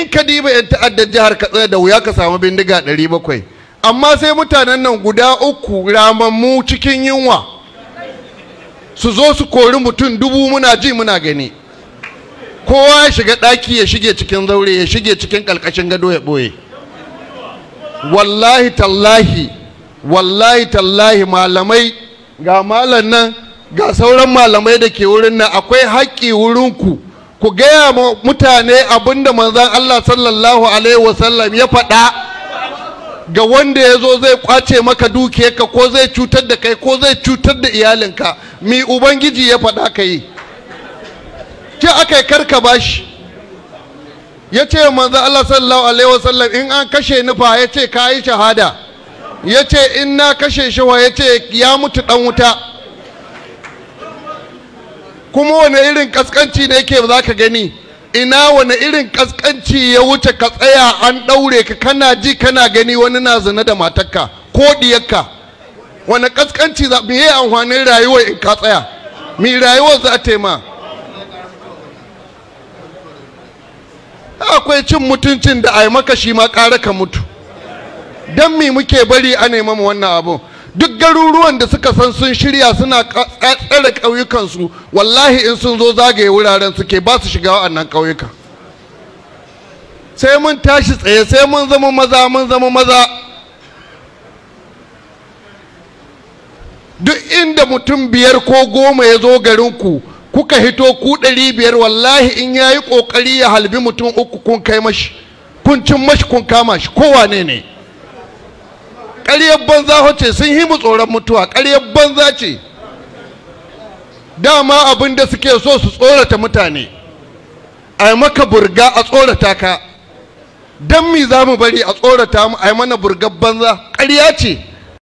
in ka diba yan ta'addar jihar katsina da wuya ka samu bindiga 700 amma sai mutanen nan guda uku ramammu cikin yunwa su zo su kori mutum dubu muna ji muna gani kowa ya shiga ɗaki ya shige cikin zaure ya shige cikin ƙarƙashin gado ya ɓoye wallahi tallahi wallahi tallahi malamai ga malam nan ga sauran malamai da ke wurin nan akwai haƙƙi wurinku ku ku gaya mutane abinda manzan Allah sallallahu alaihi wasallam ya faɗa ga wanda ya zo zai kwace maka dukiyarka ko zai cutar da kai ko zai cutar da iyalinka mi ubangiji ya faɗa ka yi ce aka yi karka bashi ya ce manzan Allah sallallahu alaihi wasallam in an kashe nufa ya ce ka yi shahada ya ce in na kashe shawa ya ce ya mutu ɗan wuta kuma wani irin kaskanci ne yake ba za ka gani ina wani irin kaskanci ya wuce ka tsaya an ɗaure ka kana ji kana gani wani na zina da matarka ko ɗiyarka wani kaskanci za mu yi amfanin rayuwar in ka tsaya mi rayuwar za ta ma akwai cin mutuncin da a maka shi ma ƙara ka mutu don mi muke bari a nema wannan abun. duk garuruwan da suka san sun shirya suna tsare ƙauyukansu wallahi in sun zo zagaye wuraren suke ba su shiga wa'annan ƙauyuka sai mun tashi tsaye sai mun zama maza mun zama maza duk inda mutum biyar ko goma ya zo garinku kuka hito ku ɗari biyar wallahi in ya yi ƙoƙari ya halbi mutum uku kun kai mashi kun cin mashi kun kama shi kowane ne ƙaryar banza hoce sun yi mu tsoron mutuwa ƙaryar banza ce dama abin da suke so su tsorata mutane a maka burga a tsorata ka don mi za mu bari a tsorata mu a mana burgar banza ƙarya ce